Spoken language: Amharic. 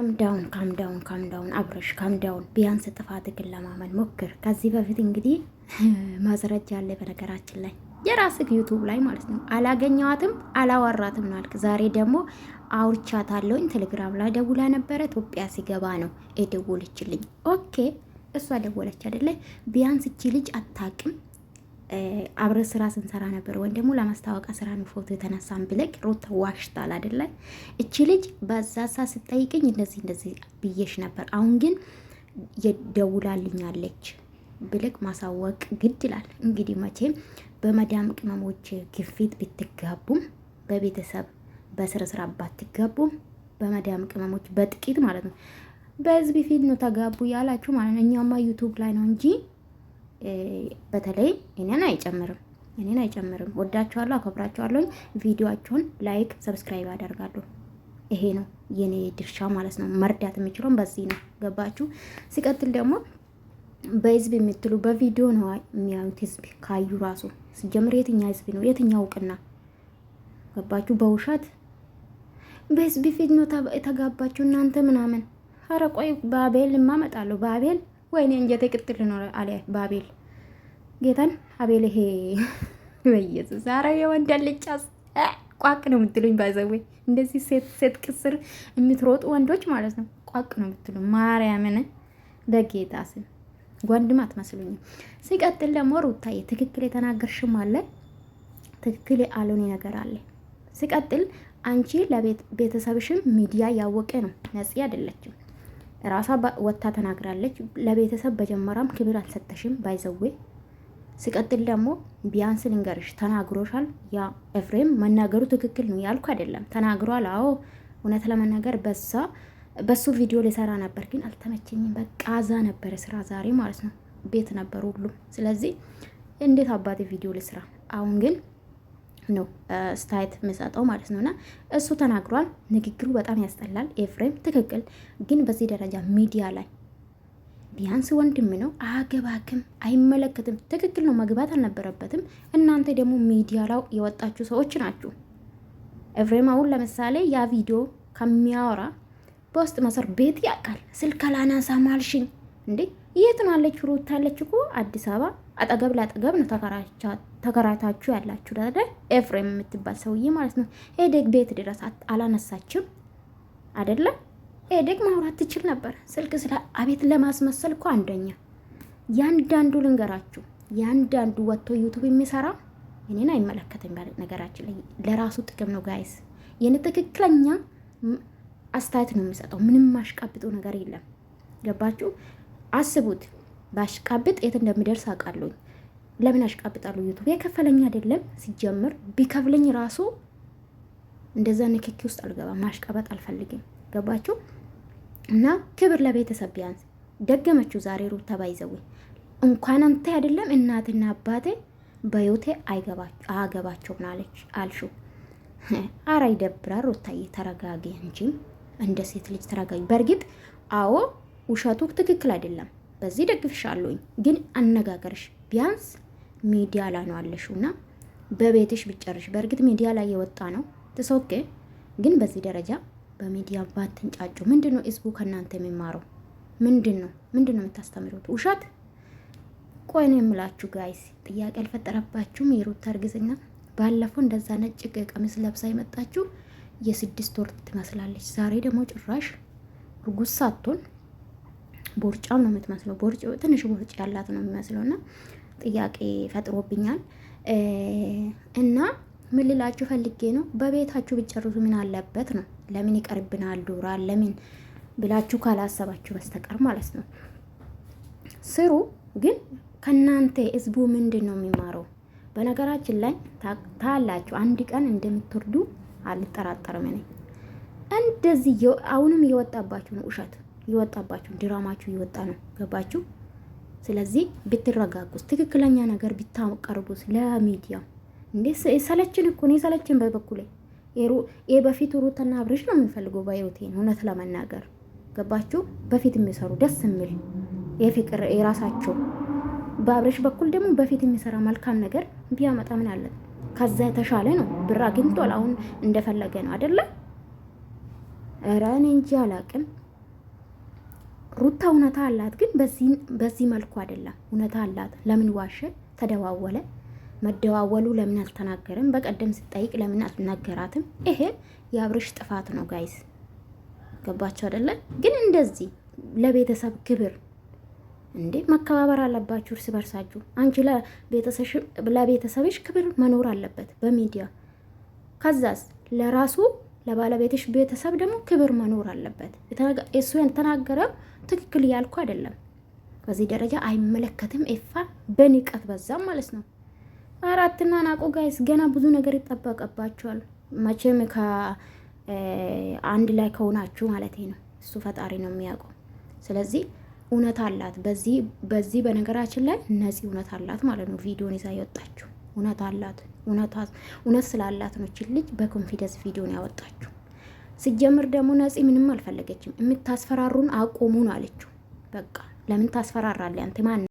ካምዳውን ካምዳውን ካምዳውን አብረሽ ካምዳውን። ቢያንስ ጥፋትህን ለማመን ሞክር። ከዚህ በፊት እንግዲህ ማስረጃ አለ። በነገራችን ላይ የራስህ ዩቱብ ላይ ማለት ነው። አላገኘዋትም፣ አላወራትም ነው ዛሬ ደግሞ አውርቻታለሁኝ። ቴሌግራም ላይ ደውላ ነበረ። ኢትዮጵያ ሲገባ ነው የደወለችልኝ። ኦኬ፣ እሷ ደወለች አይደለ? ቢያንስ እቺ ልጅ አታውቅም አብረ ስራ ስንሰራ ነበር ወይም ደግሞ ለማስታወቂያ ስራ ነው ፎቶ የተነሳን ብለቅ ሩታ ዋሽታል አይደለ? እቺ ልጅ በዛሳ ስጠይቅኝ እንደዚህ እንደዚህ ብዬሽ ነበር፣ አሁን ግን የደውላልኛለች ብልቅ ማሳወቅ ግድ ይላል። እንግዲህ መቼም በመዳም ቅመሞች ግፊት ብትጋቡም በቤተሰብ በስረ ስራ ባትጋቡም በመዳም ቅመሞች በጥቂት ማለት ነው በህዝብ ፊት ነው ተጋቡ ያላችሁ ማለት ነው። እኛማ ዩቱብ ላይ ነው እንጂ በተለይ እኔን አይጨምርም እኔን አይጨምርም። ወዳችኋለሁ፣ አከብራችኋለሁ። ቪዲዮአችሁን ላይክ፣ ሰብስክራይብ አደርጋለሁ። ይሄ ነው የኔ ድርሻ ማለት ነው። መርዳት የምችለውን በዚህ ነው። ገባችሁ? ሲቀጥል ደግሞ በህዝብ የምትሉ በቪዲዮ ነው የሚያዩት። ህዝብ ካዩ ራሱ ሲጀምር የትኛ ህዝብ ነው የትኛ እውቅና? ገባችሁ? በውሸት በህዝብ ፊት ነው የተጋባችሁ እናንተ ምናምን። ኧረ ቆይ በአቤል እማመጣለሁ በአቤል ወይኔ እንጀቴ ቅጥል ነው አለ ባቤል ጌታን አቤል። ይሄ በኢየሱስ ዛሬ የወንድ አልጫ ቋቅ ነው የምትሉኝ። ባይዘዌ እንደዚህ ሴት ሴት ቅስር የምትሮጡ ወንዶች ማለት ነው ቋቅ ነው የምትሉ ማርያምን በጌታ ስም ወንድም አትመስሉኝም። ሲቀጥል ደግሞ ሩታዬ ትክክል የተናገርሽም አለ ትክክል አልሆነ ነገር አለ። ሲቀጥል አንቺ ለቤተሰብሽም ሚዲያ ያወቀ ነው ነጽ አይደለችም። ራሷ ወጥታ ተናግራለች። ለቤተሰብ በጀመራም ክብር አልሰጠሽም ባይዘዌ ሲቀጥል ደግሞ ቢያንስ ልንገርሽ ተናግሮሻል። ያ ኤፍሬም መናገሩ ትክክል ነው ያልኩ አይደለም፣ ተናግሯል። አዎ እውነት ለመናገር በዛ በሱ ቪዲዮ ሊሰራ ነበር፣ ግን አልተመቸኝም። በቃ እዛ ነበረ ስራ ዛሬ ማለት ነው ቤት ነበሩ ሁሉም። ስለዚህ እንዴት አባቴ ቪዲዮ ልስራ አሁን ግን ነው ስታየት የምሰጠው ማለት ነውና እሱ ተናግሯል። ንግግሩ በጣም ያስጠላል። ኤፍሬም ትክክል ግን በዚህ ደረጃ ሚዲያ ላይ ቢያንስ ወንድም ነው አገባክም፣ አይመለከትም። ትክክል ነው፣ መግባት አልነበረበትም። እናንተ ደግሞ ሚዲያ ላው የወጣችሁ ሰዎች ናችሁ። ኤፍሬም አሁን ለምሳሌ ያ ቪዲዮ ከሚያወራ በውስጥ መሰር ቤት ያውቃል። ስልክ አላነሳም ማልሽኝ እንዴ? የት ነው አለች? እኮ አዲስ አበባ አጠገብ ላጠገብ ነው ተከራቻት ተከራታችሁ ያላችሁ አይደል? ኤፍሬም የምትባል ሰውዬ ማለት ነው። ኤደግ ቤት ድረስ አላነሳችም አይደለም? ኤደግ ማውራት ትችል ነበር ስልክ ስለ አቤት ለማስመሰል እኮ አንደኛ ያንዳንዱ ልንገራችሁ፣ ያንዳንዱ ወጥቶ ዩቱብ የሚሰራ እኔን አይመለከተኝ ነገራችን ላይ ለራሱ ጥቅም ነው ጋይስ። የኔ ትክክለኛ አስተያየት ነው የሚሰጠው። ምንም ማሽቃብጡ ነገር የለም። ገባችሁ? አስቡት፣ ባሽቃብጥ የት እንደሚደርስ አውቃለሁኝ። ለምን አሽቃብጣሉ? ዩቱብ የከፈለኝ አይደለም ሲጀምር። ቢከፍለኝ ራሱ እንደዛ ንክኪ ውስጥ አልገባም። ማሽቀበጥ አልፈልግም። ገባችሁ? እና ክብር ለቤተሰብ ቢያንስ ደገመችው ዛሬ ሩታ ባይዘዊ እንኳን አንተ አይደለም እናትና አባቴ በዮቴ አገባቸው አለች አልሹ። አረ ይደብራል። ሩታዬ ተረጋጊ እንጂ እንደ ሴት ልጅ ተረጋጊ። በእርግጥ አዎ ውሸቱ ትክክል አይደለም፣ በዚህ ደግፍሻለሁኝ። ግን አነጋገርሽ ቢያንስ ሚዲያ ላይ ነው አለሽው እና በቤትሽ ብጨርሽ። በእርግጥ ሚዲያ ላይ የወጣ ነው ትሶኬ፣ ግን በዚህ ደረጃ በሚዲያ ባትንጫጩ። ምንድን ነው ህዝቡ ከእናንተ የሚማረው? ምንድን ነው ምንድን ነው የምታስተምሩት? ውሸት። ቆይ ነው የምላችሁ ጋይስ፣ ጥያቄ አልፈጠረባችሁም? የሩታ እርግዝና ባለፈው እንደዛ ነጭ ቀሚስ ለብሳ የመጣችሁ የስድስት ወር ትመስላለች። ዛሬ ደግሞ ጭራሽ እርጉዝ ሳትሆን ቦርጫም ነው የምትመስለው። ቦርጭ ትንሽ ቦርጭ ያላት ነው የሚመስለው እና ጥያቄ ፈጥሮብኛል እና ምን ልላችሁ ፈልጌ ነው፣ በቤታችሁ ብጨርሱ ምን አለበት ነው። ለምን ይቀርብናል ዱራ ለምን ብላችሁ ካላሰባችሁ በስተቀር ማለት ነው። ስሩ ግን ከእናንተ ህዝቡ ምንድን ነው የሚማረው? በነገራችን ላይ ታላችሁ አንድ ቀን እንደምትወርዱ አልጠራጠርም። እኔ እንደዚህ አሁንም እየወጣባችሁ ነው፣ ውሸት እየወጣባችሁ ድራማችሁ እየወጣ ነው። ገባችሁ? ስለዚህ ብትረጋጉስ ትክክለኛ ነገር ብታቀርቡስ ለሚዲያ እንዴ ሰለችን እኮ እኔ ሰለችን በበኩሌ በፊት ሩትና አብሬሽ ነው የምንፈልገው ባይወቴን እውነት ለመናገር ገባችሁ በፊት የሚሰሩ ደስ የሚል የፍቅር የራሳቸው በአብሬሽ በኩል ደግሞ በፊት የሚሰራ መልካም ነገር ቢያመጣ ምን አለን ከዛ የተሻለ ነው ብር አግኝቷል አሁን እንደፈለገ ነው አደለም ረን እንጂ አላቅም ሩታ እውነታ አላት፣ ግን በዚህ መልኩ አይደለም። እውነታ አላት። ለምን ዋሸ? ተደዋወለ። መደዋወሉ ለምን አልተናገርም? በቀደም ስጠይቅ ለምን አልነገራትም? ይሄ የአብርሽ ጥፋት ነው። ጋይስ ገባቸው አይደለም? ግን እንደዚህ ለቤተሰብ ክብር እንዴ መከባበር አለባችሁ እርስ በርሳችሁ። አንቺ ለቤተሰብሽ ክብር መኖር አለበት በሚዲያ ከዛስ ለራሱ ለባለቤትሽ ቤተሰብ ደግሞ ክብር መኖር አለበት። እሱ የተናገረው ትክክል እያልኩ አይደለም። በዚህ ደረጃ አይመለከትም። ኤፋ በንቀት በዛም ማለት ነው። አራትና ናቆ ጋይስ ገና ብዙ ነገር ይጠበቅባቸዋል። መቼም ከአንድ ላይ ከሆናችሁ ማለት ነው። እሱ ፈጣሪ ነው የሚያውቀው። ስለዚህ እውነት አላት። በዚህ በዚህ በነገራችን ላይ ነፂ እውነት አላት ማለት ነው። ቪዲዮን ይዛ ያወጣችሁ እውነት አላት። እውነት ስላላት ነው ልጅ በኮንፊደንስ ቪዲዮን ያወጣችሁ። ስጀምር ደግሞ ነፂ ምንም አልፈለገችም። የምታስፈራሩን አቁሙን አለችው። በቃ ለምን ታስፈራራለህ አንተ ማን